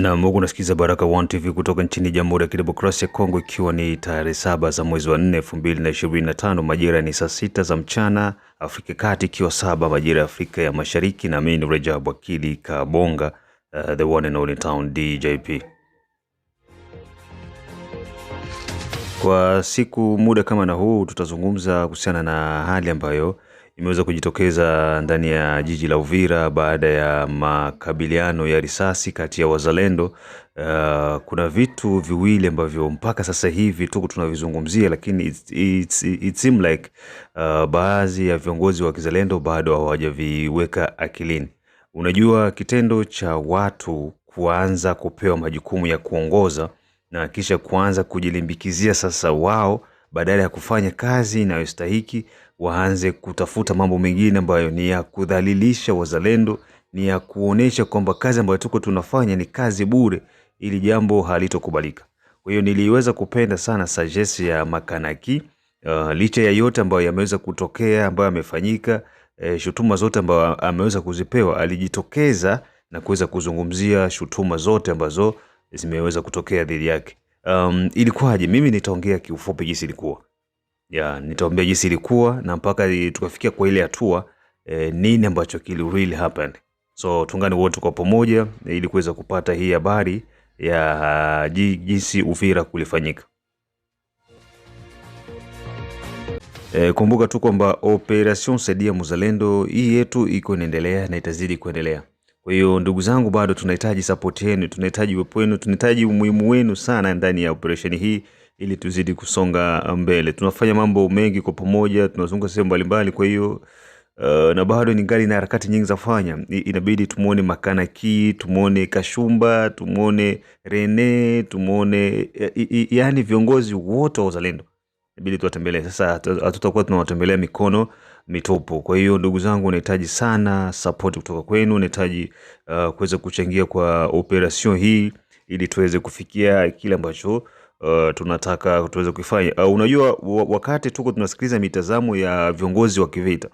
Nam huku unasikiliza Baraka One TV kutoka nchini Jamhuri ya Kidemokrasia ya Kongo, ikiwa ni tarehe saba za mwezi wa nne elfu mbili na ishirini na tano majira ni saa sita za mchana Afrika Kati, ikiwa saba majira ya Afrika ya Mashariki, na mimi ni Rejab Wakili Kabonga, uh, the one and only town DJP. Kwa siku muda kama na huu tutazungumza kuhusiana na hali ambayo imeweza kujitokeza ndani ya jiji la Uvira baada ya makabiliano ya risasi kati ya wazalendo. Uh, kuna vitu viwili ambavyo mpaka sasa hivi tuko tunavizungumzia, lakini it, it, it seem like uh, baadhi ya viongozi wa kizalendo bado hawajaviweka akilini. Unajua, kitendo cha watu kuanza kupewa majukumu ya kuongoza na kisha kuanza kujilimbikizia sasa wao badala ya kufanya kazi inayostahiki waanze kutafuta mambo mengine ambayo ni ya kudhalilisha wazalendo, ni ya kuonesha kwamba kazi ambayo tuko tunafanya ni kazi bure. Ili jambo halitokubalika. Kwa hiyo niliweza kupenda sana sagesi ya Makanaki uh, licha ya yote ambayo yameweza kutokea ambayo yamefanyika, eh, shutuma zote ambayo ameweza kuzipewa, alijitokeza na kuweza kuzungumzia shutuma zote ambazo zimeweza kutokea dhidi yake. Um, ilikuwaje? Mimi nitaongea kiufupi jinsi ilikuwa ya nitawaambia jinsi ilikuwa na mpaka tukafikia kwa ile hatua e, nini ambacho kili really happened. So tungani wote kwa pamoja eh, ili kuweza kupata hii habari ya jinsi Uvira kulifanyika. E, kumbuka tu kwamba Operation Saidia Mzalendo hii yetu iko inaendelea na itazidi kuendelea. Kwa hiyo ndugu zangu, bado tunahitaji support yenu, tunahitaji uwepo wenu, tunahitaji umuhimu wenu sana ndani ya operation hii ili tuzidi kusonga uh, mbele. Tunafanya mambo mengi kwa pamoja, tunazunguka sehemu mbalimbali, kwa hiyo Uh, na bado ni ngali na harakati nyingi za kufanya. Inabidi tumwone Makanaki, tumwone Kashumba, tumwone Rene, tumwone yaani viongozi wote wa uzalendo inabidi tuwatembelee. Sasa hatutakuwa tunawatembelea mikono mitupu. Kwa hiyo ndugu zangu, nahitaji sana support kutoka kwenu, nahitaji uh, kuweza kuchangia kwa operation hii ili tuweze kufikia kile ambacho uh, tunataka tuweze kuifanya. Uh, eh, unajua wakati tuko tunasikiliza mitazamo ya viongozi wa kivita,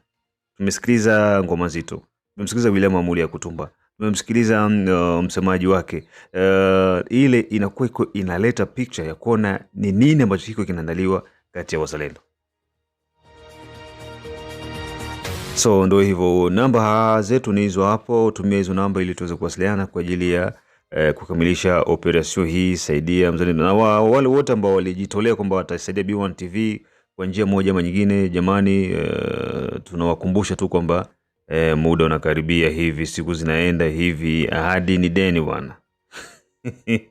tumesikiliza ngoma zito, tumemsikiliza William Amuri ya Kutumba, tumemsikiliza uh, msemaji wake uh, ile inakuwa iko inaleta picture ya kuona ni nini ambacho kiko kinaandaliwa kati ya wazalendo. So ndo hivyo, namba zetu ni hizo hapo. Tumia hizo namba ili tuweze kuwasiliana kwa ajili ya eh, kukamilisha operesheni hii, saidia mzalendo na wa, wale wote ambao walijitolea kwamba watasaidia B1 TV kwa njia moja ama nyingine. Jamani eh, tunawakumbusha tu kwamba eh, muda unakaribia hivi, siku zinaenda hivi, ahadi ni deni bwana.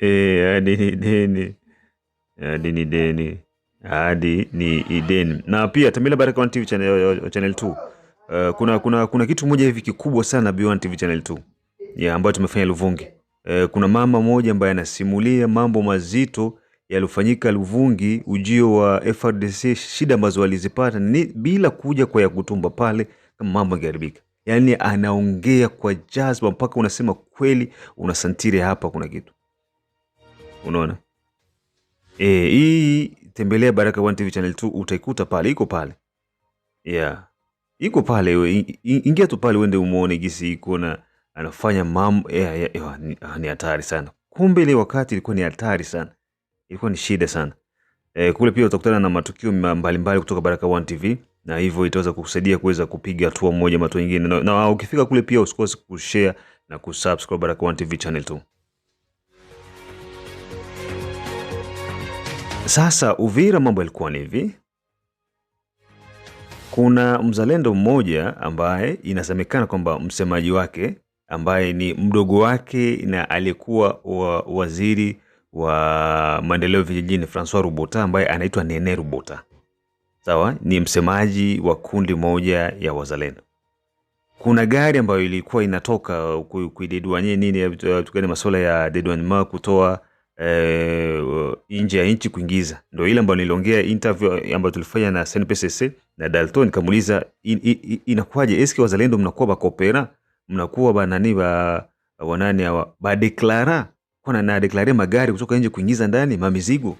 Eh, ahadi ni deni, ahadi ni deni, ahadi ni deni. Na pia Tamila Baraka One TV channel, channel 2. Uh, eh, kuna, kuna, kuna kitu moja hivi kikubwa sana B1 TV channel 2 yeah, ambayo tumefanya Luvungi. E, kuna mama mmoja ambaye anasimulia mambo mazito yaliyofanyika Luvungi, ujio wa FRDC, shida ambazo walizipata ni bila kuja kwa ya kutumba pale kama mambo yangeharibika. Yaani anaongea kwa jazba mpaka unasema kweli, unasantiri hapa kuna kitu. Unaona? Eh, hii tembelea Baraka One TV channel 2 utaikuta pale, iko pale. Yeah. Iko pale wewe, ingia tu pale uende umuone gisi iko na anafanya mambo yeah, yeah, eh, oh, oh, ni, hatari sana. Kumbe ile wakati ilikuwa ni hatari sana, ilikuwa ni shida sana. E, kule pia utakutana na matukio mbalimbali mbali kutoka Baraka One TV na hivyo itaweza kukusaidia kuweza kupiga hatua moja matua nyingine, na, na ukifika kule pia usikose kushare na kusubscribe Baraka One TV channel tu. Sasa Uvira mambo yalikuwa ni hivi. Kuna mzalendo mmoja ambaye inasemekana kwamba msemaji wake ambaye ni mdogo wake na aliyekuwa wa waziri wa maendeleo vijijini Francois Rubota ambaye anaitwa Nene Rubota. Sawa, ni msemaji wa kundi moja ya wazalendo. Kuna gari ambayo ilikuwa inatoka kuidedwanye nini, tukani masuala ya dedwanma kutoa eh, nje ya nchi kuingiza, ndio ile ambayo niliongea interview ambayo tulifanya na SNPCC na Dalton, nikamuuliza in, in, in, inakuwaje eski wazalendo mnakuwa bakopera mnakuwa banani ba wanani hawa deklara kuna na deklare magari kutoka nje kuingiza ndani mamizigo.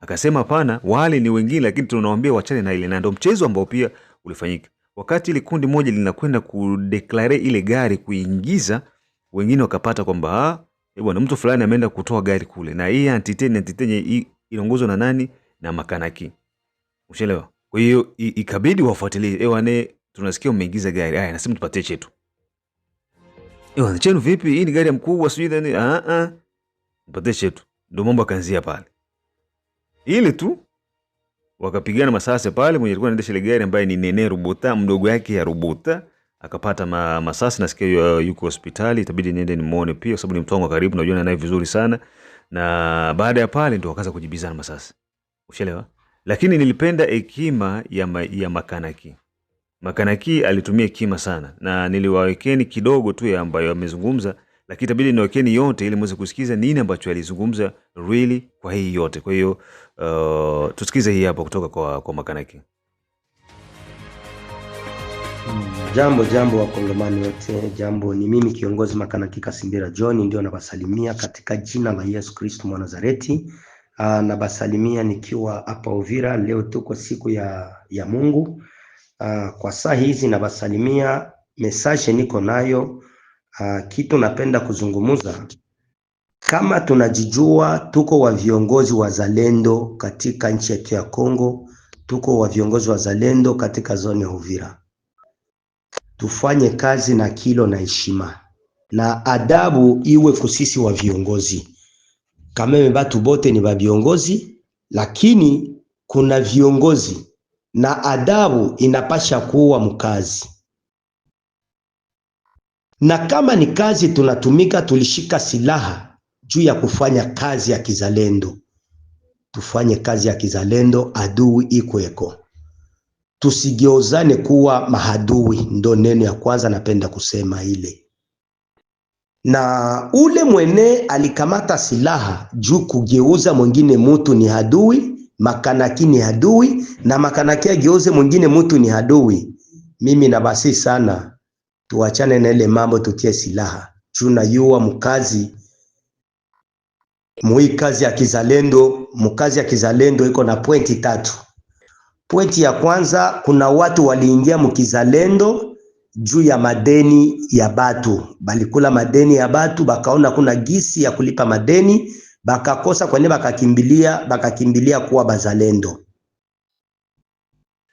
Akasema pana wale ni wengine, lakini tunawaambia wachane na ile, na ndio mchezo ambao pia ulifanyika wakati ile kundi moja linakwenda kudeklare ile gari kuingiza, wengine wakapata kwamba ah, eh bwana, mtu fulani ameenda kutoa gari kule, na hii entity ni entity inaongozwa na nani? Na makanaki, ushelewa. Kwa hiyo ikabidi wafuatilie, eh wane, tunasikia umeingiza gari haya, nasema tupatie chetu. Eh, chenu vipi? Hii ni gari ya mkubwa sijui nini. Ah ah, nipatie chetu. Ndio mambo akaanzia pale, ile tu wakapigana masase pale. Mwenye alikuwa anaendesha ile gari ambaye ni Nene Rubuta, mdogo yake ya Rubuta akapata ma, masasi. Nasikia uh, yuko hospitali, itabidi niende nimuone pia, sababu ni mtu wangu karibu, najua naye vizuri sana. Na baada ya pale ndio wakaanza kujibizana masasi, ushelewa. Lakini nilipenda hekima ya, ma, ya Makanaki Makanaki alitumia kima sana na niliwawekeni kidogo tu ya ambayo amezungumza, lakini itabidi niwekeni yote ili muweze kusikiza nini ambacho alizungumza really kwa hii yote. Kwa hiyo uh, tusikize hii hapa kutoka kwa, kwa Makanaki. Jambo jambo wakongomani wote, jambo. Ni mimi kiongozi Makanaki Kasimbira John ndio nabasalimia katika jina la Yesu Kristo mwa Nazareti. Ah, nabasalimia nikiwa hapa Uvira. Leo tuko siku ya, ya Mungu Uh, kwa saa hizi nabasalimia, message niko nayo. Uh, kitu napenda kuzungumuza kama tunajijua, tuko wa viongozi wa zalendo katika nchi yetu ya Kongo, tuko wa viongozi wa zalendo katika zone ya Uvira. Tufanye kazi na kilo na heshima na adabu iwe kusisi wa viongozi kameme, batu bote ni ba viongozi, lakini kuna viongozi na adabu inapasha kuwa mkazi, na kama ni kazi tunatumika, tulishika silaha juu ya kufanya kazi ya kizalendo. Tufanye kazi ya kizalendo, adui ikweko, tusigeozane kuwa mahadui. Ndo neno ya kwanza napenda kusema ile na ule mwene alikamata silaha juu kugeuza mwingine mutu ni adui, makanaki ni adui na makanaki ageuze mwingine mtu ni adui. Mimi nabasi sana, tuachane na ile mambo, tutie silaha. Tunayua mkazi mui kazi ya kizalendo, mkazi ya kizalendo iko na pointi tatu. Pointi ya kwanza, kuna watu waliingia mkizalendo juu ya madeni ya batu, balikula madeni ya batu, bakaona kuna gisi ya kulipa madeni bakakosa kwene bakakimbilia bakakimbilia kuwa bazalendo,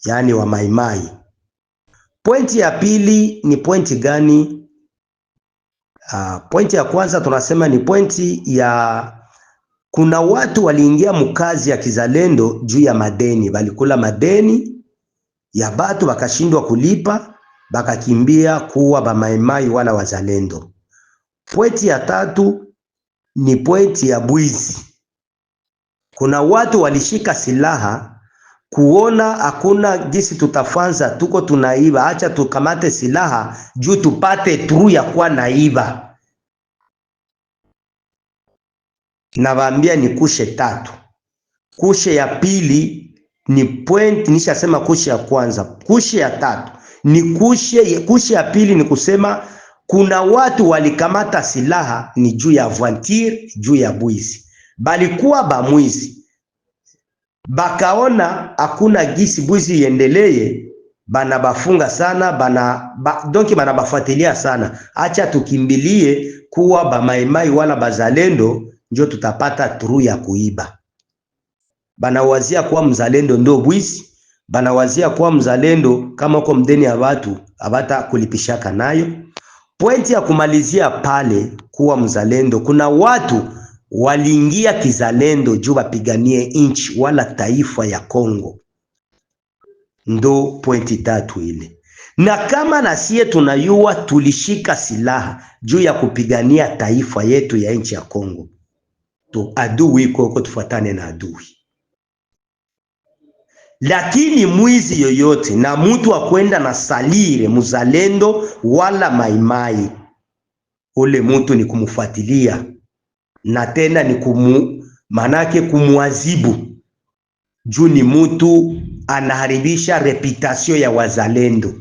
yaani wa maimai. Pointi ya pili ni pointi gani? Uh, pointi ya kwanza tunasema ni pointi ya kuna watu waliingia mkazi ya kizalendo juu ya madeni, walikula madeni ya batu bakashindwa kulipa, bakakimbia kuwa bamaimai wala wazalendo. Pointi ya tatu ni pointi ya bwizi. Kuna watu walishika silaha kuona hakuna jinsi tutafanza, tuko tunaiba, acha tukamate silaha juu tupate tu ya kuwa naiba. Nawaambia ni kushe tatu. Kushe ya pili ni point nishasema, kushe ya kwanza. Kushe ya tatu ni kushe, kushe ya pili ni kusema kuna watu walikamata silaha ni juu ya voiture, juu ya bwizi, balikuwa bamwizi, bakaona hakuna gisi bwizi iendelee, banabafunga sana bana, ba, donki banabafuatilia sana. Acha tukimbilie kuwa bamaimai wala bazalendo, njo tutapata tru ya kuiba. Banawazia kuwa mzalendo ndo bwizi, banawazia kuwa mzalendo kama uko mdeni ya watu abata kulipishaka nayo Pointi ya kumalizia pale kuwa mzalendo. Kuna watu waliingia kizalendo juu wapiganie nchi wala taifa ya Kongo, ndo pointi tatu ile. Na kama na sie tunayua tulishika silaha juu ya kupigania taifa yetu ya nchi ya Kongo, to adui iko huko, tufuatane na adui. Lakini mwizi yoyote na mtu akwenda na salire muzalendo wala maimai, ule mtu ni kumfuatilia na tena ni kumu, manake kumwazibu juu ni mtu anaharibisha repitasio ya wazalendo,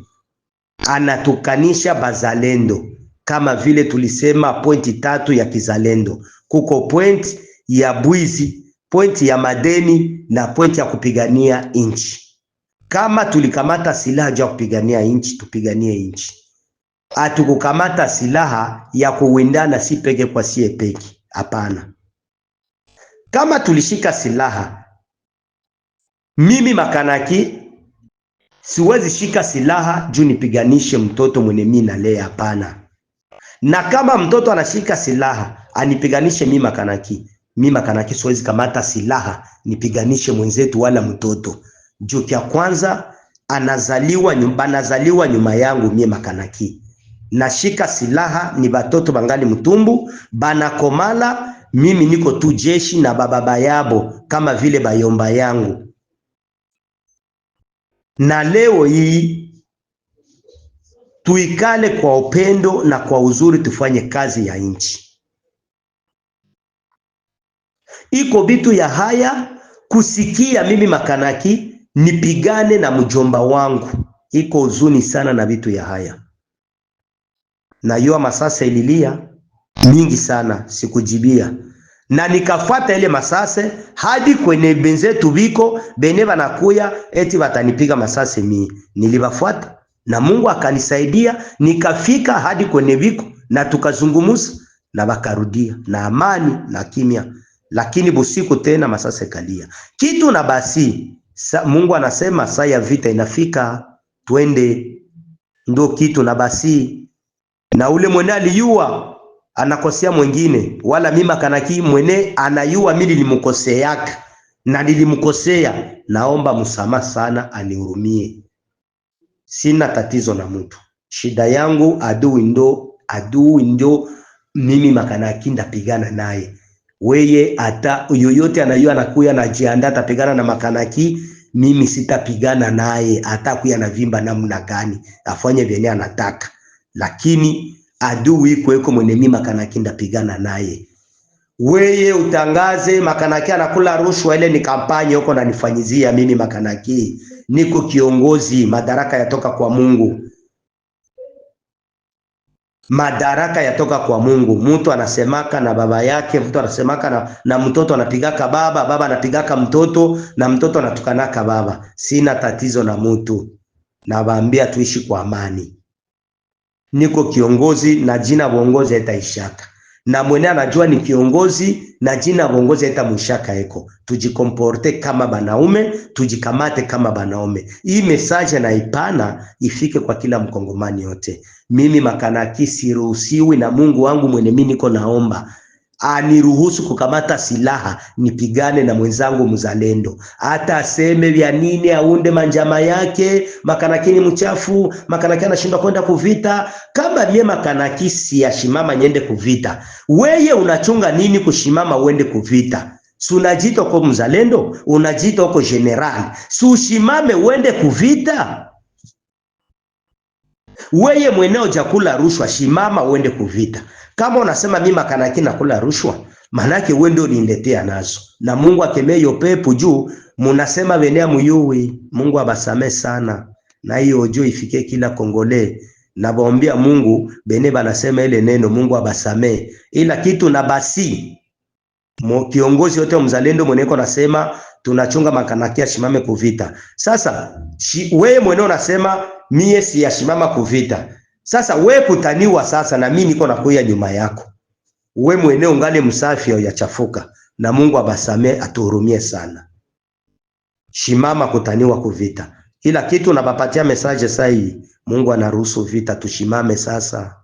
anatukanisha bazalendo. Kama vile tulisema pointi tatu ya kizalendo, kuko point ya bwizi, point ya madeni na pointi ya kupigania nchi. Kama tulikamata silaha juu ya kupigania nchi, tupiganie nchi. Hatukukamata silaha ya kuwindana si peke kwa si peke, hapana. Kama tulishika silaha, mimi Makanaki siwezi shika silaha juu nipiganishe mtoto mwenye mimi nalea, hapana. Na kama mtoto anashika silaha anipiganishe mimi Makanaki mi makanake siwezi kamata silaha nipiganishe mwenzetu wala mtoto juu, kya kwanza anazaliwa nyumba, anazaliwa nyuma yangu. mie makanaki nashika silaha ni batoto bangali mtumbu banakomala, mimi niko tu jeshi na bababa yabo kama vile bayomba yangu. Na leo hii tuikale kwa upendo na kwa uzuri, tufanye kazi ya nchi. iko bitu ya haya kusikia mimi makanaki nipigane na mjomba wangu, iko uzuni sana na vitu ya haya na yua masasa ililia mingi sana, sikujibia na nikafuata ile masase hadi kwenye benze tubiko bene banakuya eti watanipiga masase, mi nilibafuata na Mungu akanisaidia nikafika hadi kwenye biko na tukazungumza na bakarudia na amani na kimya lakini busiku tena masase kalia kitu na basi sa, Mungu anasema saa ya vita inafika, twende. Ndio kitu na basi, na ule mwene aliyua anakosea mwingine, wala mima kanaki mwene anayua, mimi nilimkoseaka na nilimkosea, naomba msamaha sana, anihurumie. Sina tatizo na mtu, shida yangu adui ndo adui ndo mimi makanaki ndapigana naye weye ata yoyote anayua anakuya jianda atapigana na makanaki, mimi sitapigana naye, atakuya na vimba namna gani, afanye vyenye anataka. Lakini adui mwenye mimi makanaki, ndapigana naye. Weye utangaze makanaki anakula rushwa, ile ni kampanye huko, nanifanyizia mimi makanaki, niko kiongozi, madaraka yatoka kwa Mungu madaraka yatoka kwa Mungu. Mtu anasemaka na baba yake, mtu anasemaka na, na mtoto anapigaka baba, baba anapigaka mtoto, na mtoto anatukanaka baba. Sina tatizo na mtu, nawaambia tuishi kwa amani. Niko kiongozi na jina uongozi haitaishaka, na mwenye anajua ni kiongozi na jina uongozi haitamwishaka eko. Tujikomporte kama banaume, tujikamate kama banaume. Hii message na ipana ifike kwa kila mkongomani yote mimi makanaki siruhusiwi na Mungu wangu mwenye mimi niko naomba aniruhusu kukamata silaha nipigane na mwenzangu mzalendo, hata aseme vya nini, aunde manjama yake. Makanaki ni mchafu, makanaki anashindwa kwenda kuvita. Kama mie makanaki siyashimama nyende kuvita, weye unachunga nini kushimama uende kuvita? Sunajita uko mzalendo, unajita uko general, sushimame uende kuvita. Weye mweneo jakula rushwa, shimama uende kuvita. Kama unasema mimi makanaki nakula rushwa, manake wewe ndio uniletea nazo. Na Mungu akemee hiyo pepo juu munasema venea muyui. Mungu abasame sana. Na hiyo ojo ifike kila Kongole. Na baombia Mungu bene banasema ile neno Mungu abasame. Ila kitu na basi kiongozi yote mzalendo mweneko nasema tunachunga makanaki asimame kuvita. Sasa shi, we mwenye unasema mie si siyasimama kuvita. Sasa we kutaniwa sasa, na mimi niko nakuya nyuma yako. We mwenye ungali msafi au yachafuka, na Mungu abasame atuhurumie sana. Shimama kutaniwa kuvita, ila kitu nabapatia message sasa Mungu anaruhusu vita, tushimame sasa.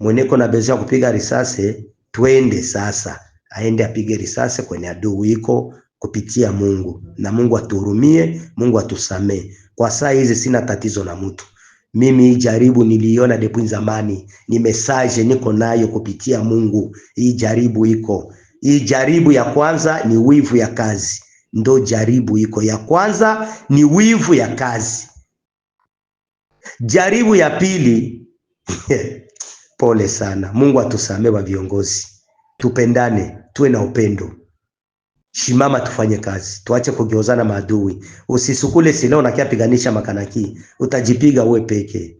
Mweneko na bezia kupiga risasi, twende sasa, aende apige risasi kwenye adui iko kupitia Mungu, na Mungu atuhurumie, Mungu atusamee. Kwa saa hizi sina tatizo na mtu. Mimi hii jaribu niliona depuis zamani, ni message niko nayo kupitia Mungu. Hii jaribu iko, hii jaribu ya kwanza ni wivu ya kazi, ndo jaribu iko ya kwanza ni wivu ya kazi. Jaribu ya pili pole sana. Mungu atusamee wa viongozi, tupendane, tuwe na upendo simama tufanye kazi, tuache kugeuzana maadui. Usisukule silaha unakiapiganisha makanaki, utajipiga we peke,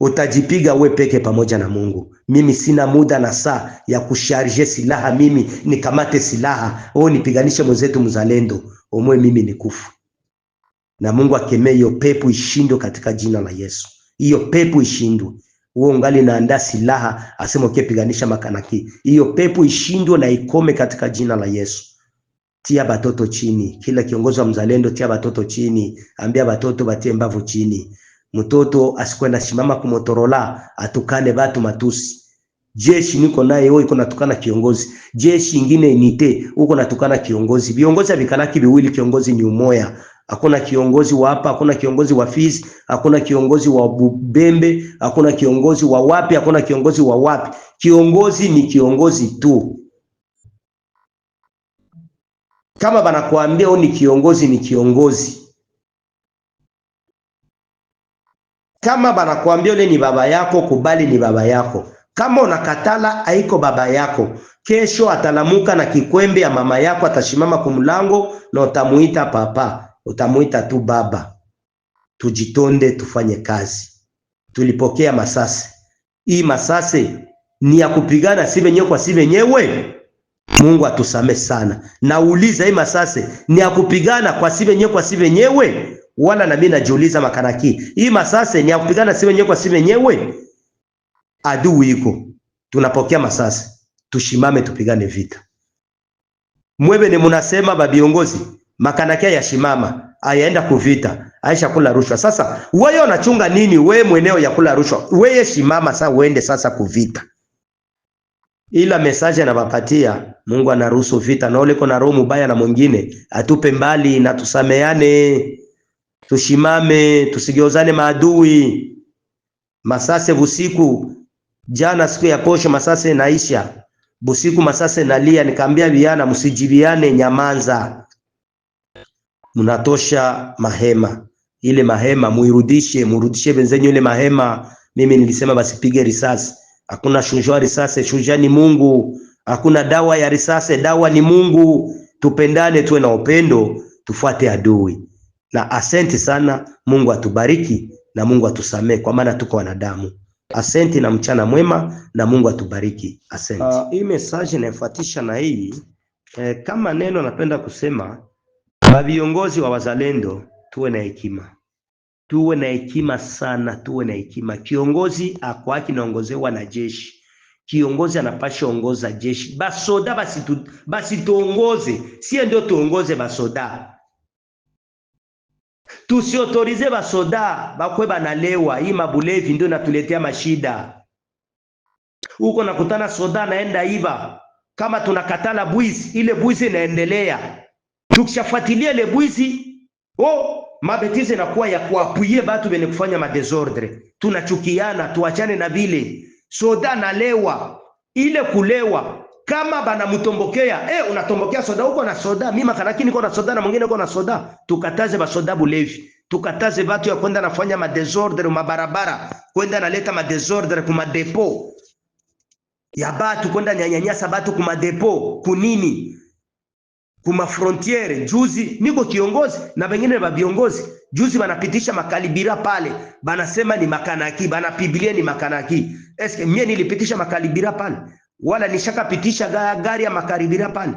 utajipiga we peke pamoja na Mungu. Mimi sina muda na saa ya kusharje silaha, mimi nikamate silaha wewe nipiganishe mwenzetu mzalendo omwe, mimi nikufu. Na Mungu akemee hiyo pepo, ishindwe katika jina la Yesu. Hiyo pepo ishindwe. Wewe ungali naandaa silaha, asema ukipiganisha makanaki, hiyo pepo ishindwe na ikome katika jina la Yesu tia batoto chini. Kila kiongozi wa mzalendo, tia batoto chini, ambia batoto batie mbavu chini. Mtoto asikwenda simama Motorola atukane batu matusi. Jeshi niko naye wewe, iko natukana kiongozi. Jeshi ingine nite uko natukana kiongozi. Viongozi havikalaki viwili, kiongozi ni umoya. Hakuna kiongozi wa hapa, hakuna kiongozi wa Fizi, hakuna kiongozi wa Bubembe, hakuna kiongozi wa wapi, hakuna kiongozi wa wapi. Kiongozi ni kiongozi tu. Kama banakuambia u ni kiongozi, ni kiongozi. Kama banakuambia ule ni baba yako, kubali ni baba yako. Kama unakatala, haiko baba yako. Kesho atalamuka na kikwembe ya mama yako, atashimama kumlango na utamuita papa, utamuita tu baba. Tujitonde, tufanye kazi. Tulipokea masase hii, masase ni ya kupigana si venyewe kwa si venyewe. Mungu atusame sana. Nauliza hii masase ni ya kupigana kwa si wenyewe kwa si wenyewe, wala na mimi najiuliza makanaki hii masase ni ya kupigana si wenyewe kwa si wenyewe? Adui iko, tunapokea masase, tushimame, tupigane vita. Mwebe ni munasema ba viongozi makanakia ya shimama ayaenda kuvita aisha kula rushwa. Sasa wewe unachunga nini? Wewe mweneo ya kula rushwa, wewe shimama sasa, uende sasa kuvita ila mesaji anawapatia Mungu anaruhusu vita na uliko na roho mubaya na mwingine atupe mbali na tusameane, tushimame, tusigeuzane maadui. Masase busiku jana, siku ya posho, masase naisha busiku, masase nalia, nikaambia viana msijibiane, nyamanza, mnatosha mahema ile mahema muirudishe, murudishe benzenyu ile mahema. Mimi nilisema basi pige risasi Hakuna shujaa risase shujaa ni Mungu. Hakuna dawa ya risase dawa ni Mungu. Tupendane, tuwe na upendo, tufuate adui. Na asenti sana, Mungu atubariki na Mungu atusamee, kwa maana tuko wanadamu. Asenti na mchana mwema, na Mungu atubariki. Asenti. Uh, ah, hii message inafuatisha na hii eh, kama neno napenda kusema, wa viongozi wa wazalendo tuwe na hekima tuwe na hekima sana, tuwe na hekima. Kiongozi ako naongozewa na jeshi, kiongozi anapasha ongoza jeshi. Basoda basi tu, basi tuongoze, sie ndio tuongoze basoda tusiotorize basoda bakwe banalewa. Hii mabulevi ndio natuletea mashida huko, nakutana soda naenda iva, kama tunakatala bwizi, ile bwizi inaendelea. Tukishafuatilia ile bwizi oh, mabetize inakuwa ya kuapuye batu benye kufanya madesordre, tunachukiana, tuachane na vile. Soda nalewa ile kulewa kama banamtombokea eh, unatombokea soda huko na soda, mimi makaraki niko na soda na mwingine uko na soda. Tukataze basoda bulevi, tukataze batu ya kwenda nafanya madesordre mabarabara, kwenda naleta madesordre kumadepo ya batu, kwenda nyanyanyasa batu kumadepo kunini kuma frontiere juzi, niko kiongozi na vengine va viongozi juzi banapitisha makalibira pale, banasema ni makanaki, banapibilia ni makanaki. Eske mie nilipitisha makalibira pale wala nishakapitisha gari ya makalibira pale?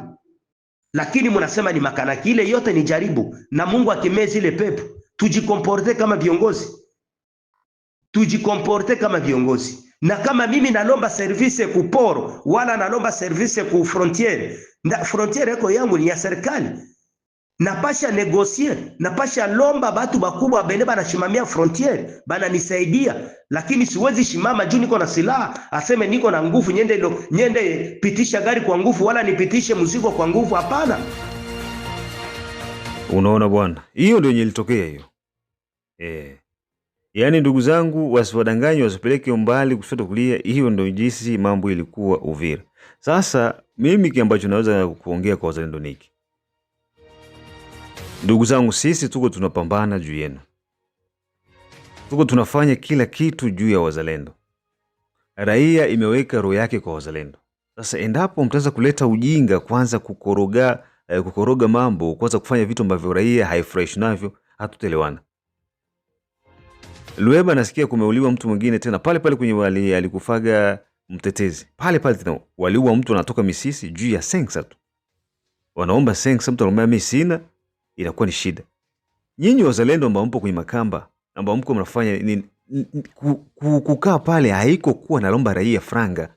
Lakini mnasema ni makanaki. Ile yote ni jaribu, na Mungu akemee ile pepo. Tujikomporte kama viongozi, tujikomporte kama viongozi na kama mimi nalomba service kuporo wala nalomba service ku frontiere na frontiere yako yangu ni ya serikali, napasha negosie napasha lomba batu bakubwa bene banashimamia frontiere bananisaidia, lakini siwezi shimama juu niko na silaha aseme niko na nguvu nyende, lo, nyende pitisha gari kwa nguvu wala nipitishe mzigo kwa nguvu. Hapana. Unaona bwana, hiyo ndio yenye ilitokea hiyo eh. Yaani ndugu zangu wasiwadanganye wasipeleke umbali kushoto kulia, hiyo ndio jinsi mambo ilikuwa Uvira. Sasa mimi kile ambacho naweza kuongea kwa wazalendo niki, ndugu zangu, sisi tuko tunapambana juu yenu, tuko tunafanya kila kitu juu ya wazalendo. Raia imeweka roho yake kwa wazalendo. Sasa endapo mtaweza kuleta ujinga, kwanza kukoroga, eh, kukoroga mambo, kwanza kufanya vitu ambavyo raia haifurahishi navyo, hatutelewana. Lueba anasikia kumeuliwa mtu mwingine tena pale pale kwenye wali alikufaga mtetezi pale pale tena waliua mtu anatoka misisi juu ya sensa tu, wanaomba sensa, mtu anaomba mimi sina, inakuwa ni shida. Nyinyi wazalendo ambao mpo kwenye makamba ambao mko mnafanya nini? Kukaa pale haiko kuwa nalomba raia franga,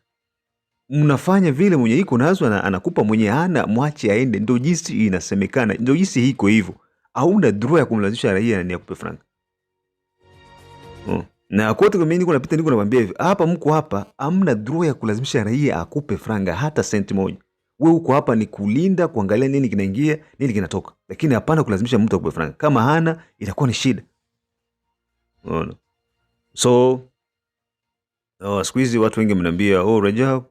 mnafanya vile mwenye iko nazo na anakupa mwenye ana, mwache aende. Ndio jinsi inasemekana, ndio jinsi hiko hivyo. Hauna dhurua ya kumlazisha raia ni akupe franga. Mm. Na kote kwa mimi niko napita niko nakwambia hivi, hapa mko hapa amna draw ya kulazimisha raia akupe franga hata senti moja. we uko hapa ni kulinda, kuangalia nini kinaingia, nini kinatoka. Lakini hapana kulazimisha mtu akupe franga. Kama hana itakuwa ni shida. Unaona? So oh, siku hizi watu wengi mnaambia oh, Rajab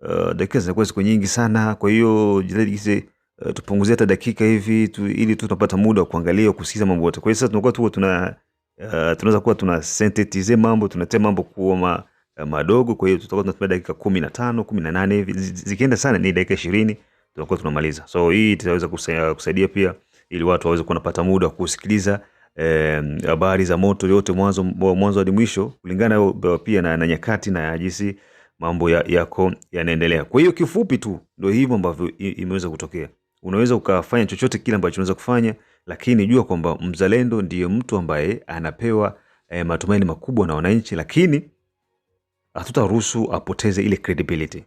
uh, dakika zinakuwa ziko nyingi sana, kwa hiyo jitahidi uh, tupunguzie hata dakika hivi tu, ili tu tunapata muda wa kuangalia kusikiza mambo yote. Kwa hiyo sasa tunakuwa tu tuna, tuna Eh, tunaweza kuwa tuna synthetize mambo tunatia mambo kuwa ma, uh, madogo. Kwa hiyo tutakuwa tunatumia dakika kumi na tano kumi na nane hivi, zikienda sana ni dakika ishirini tunakuwa tunamaliza. So hii itaweza eh, kusaidia, pia ili watu waweze kuwa napata muda wa kusikiliza habari eh, za moto yote mwanzo mwanzo hadi mwisho kulingana pia na, na nyakati na jinsi mambo ya, yako yanaendelea. Kwa hiyo kifupi tu ndio hivyo ambavyo imeweza kutokea. Unaweza ukafanya chochote kile ambacho unaweza kufanya lakini jua kwamba mzalendo ndiye mtu ambaye anapewa eh, matumaini makubwa na wananchi, lakini hatutaruhusu apoteze ile credibility.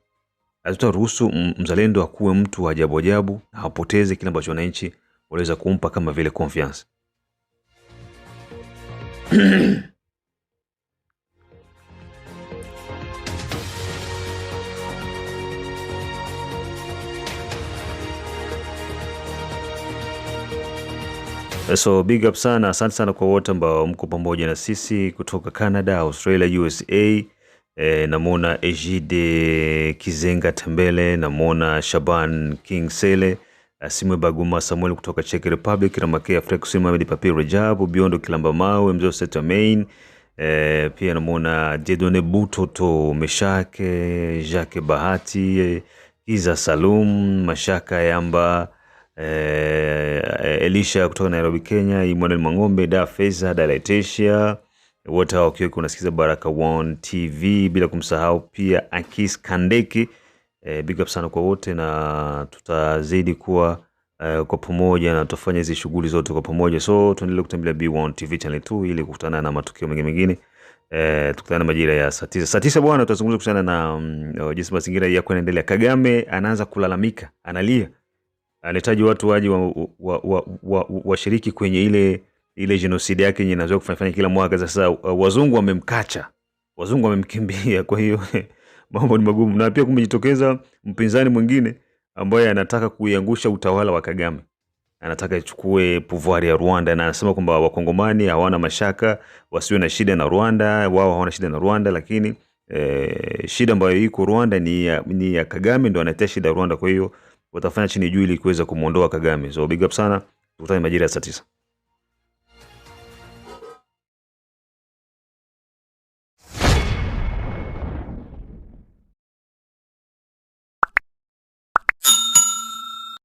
Hatutaruhusu mzalendo akuwe mtu wa ajabu ajabu na apoteze kile ambacho wananchi waliweza kumpa kama vile confiance So big up sana, asante sana kwa wote ambao mko pamoja na sisi kutoka Canada, Australia, USA. E, eh, namwona Ejide Kizenga Tembele, namwona Shaban King Sele, eh, Simwe Baguma Samuel kutoka Czech Republic, ramake Afrika Kusini, Mohamed Papi Rajabu Biondo Kilamba Mawe, Mzee Seta Main. E, pia namwona Jedone Butoto Meshake, Jacques Bahati, Kiza Salum, Mashaka Yamba eh, Elisha kutoka Nairobi, Kenya, Emmanuel Mang'ombe, Da Feza, Dilatesia wote hao wakiwa unasikiza Baraka One TV, bila kumsahau pia Akis Kandeki. E, big up sana kwa wote, na tutazidi kuwa e, kwa pamoja na tutafanya hizi shughuli zote kwa pamoja, so tuendelee kutembelea B1 TV channel 2 ili kukutana na matukio mengi mengine. E, tukutane majira ya saa tisa. Saa tisa bwana, tutazungumza kuhusiana na um, jinsi mazingira yako yanaendelea. Kagame anaanza kulalamika, analia anahitaji watu waje washiriki wa, wa, wa, wa, wa kwenye ile ile genocide yake yenye inazoea kufanyafanya kila mwaka. Sasa uh, wazungu wamemkacha, wazungu wamemkimbia, kwa hiyo mambo ni magumu. Na pia kumejitokeza mpinzani mwingine ambaye anataka kuiangusha utawala wa Kagame, anataka ichukue pouvoir ya Rwanda, na anasema kwamba wakongomani hawana mashaka, wasiwe na shida na Rwanda, wao hawana shida na Rwanda, lakini eh, shida ambayo iko Rwanda ni ya, ni ya Kagame, ndo anatia shida Rwanda, kwa hiyo watafanya chini juu ili kuweza kumwondoa Kagame. So big up sana, tukutane majira ya saa tisa.